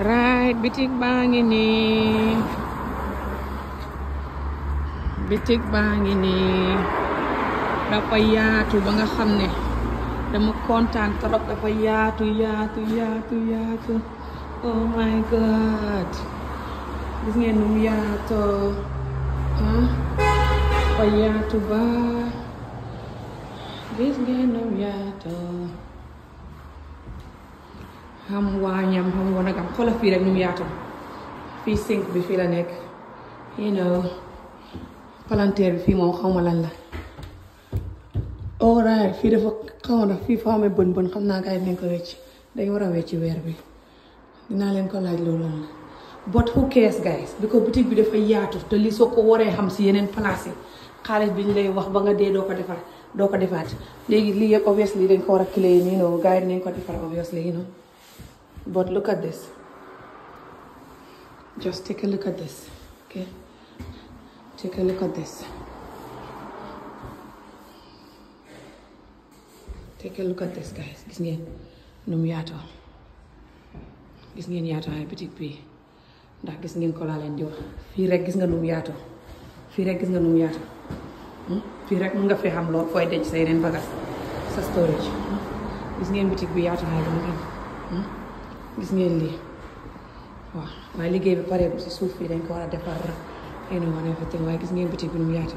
right bitik baa ngi nii bitik baa ngi nii dafa yaatu ba nga xam ne dama kontaan trop dafa yaatu yaatu yaatu yaatu oh my god gis ngeen num yaatoo ah yaatu ba gis ngeen num yaatoo xam waañam xam wanagam xoolal fii rek ñu mu yaatam fii sink bi fii la nekk you know bi fii moom xawma lan la alright fii dafa xawma nag fii fa amee bën xam naa gars yi dinañ ko wecc dañ war a wecc weer bi dinaa leen ko laaj loolu lan la but who cares guys because boutique bi dafa yaatu te lii soo ko waree xam si yeneen place yi xaalis bi ñu lay wax ba nga dee doo ko defar doo ko defaat léegi lii wees obviously dañ ko war a clé nii noonu gars yi dinañ ko defar la you know But look at this. Just take a this, okay? Take this. guys. Gis ngeen nu yaatoo gis ngeen yaatoo ay bitig bi ndax gis ngeen ko laa leen wax fii rek gis nga nu yaatoo fii rek gis nga nu yaatoo hmm? fii rek mun nga fee xam lool fooy denc sa yeneen bagage sa storage hmm? gis ngeen bitig bi yaatoo ay lu mu gis ngeen lii waaw waaye liggéey bi pareegul si suuf bi dañ ko war a defar rek yéen a wane fa waaye gis ngeen bitig bi nu mu yaatu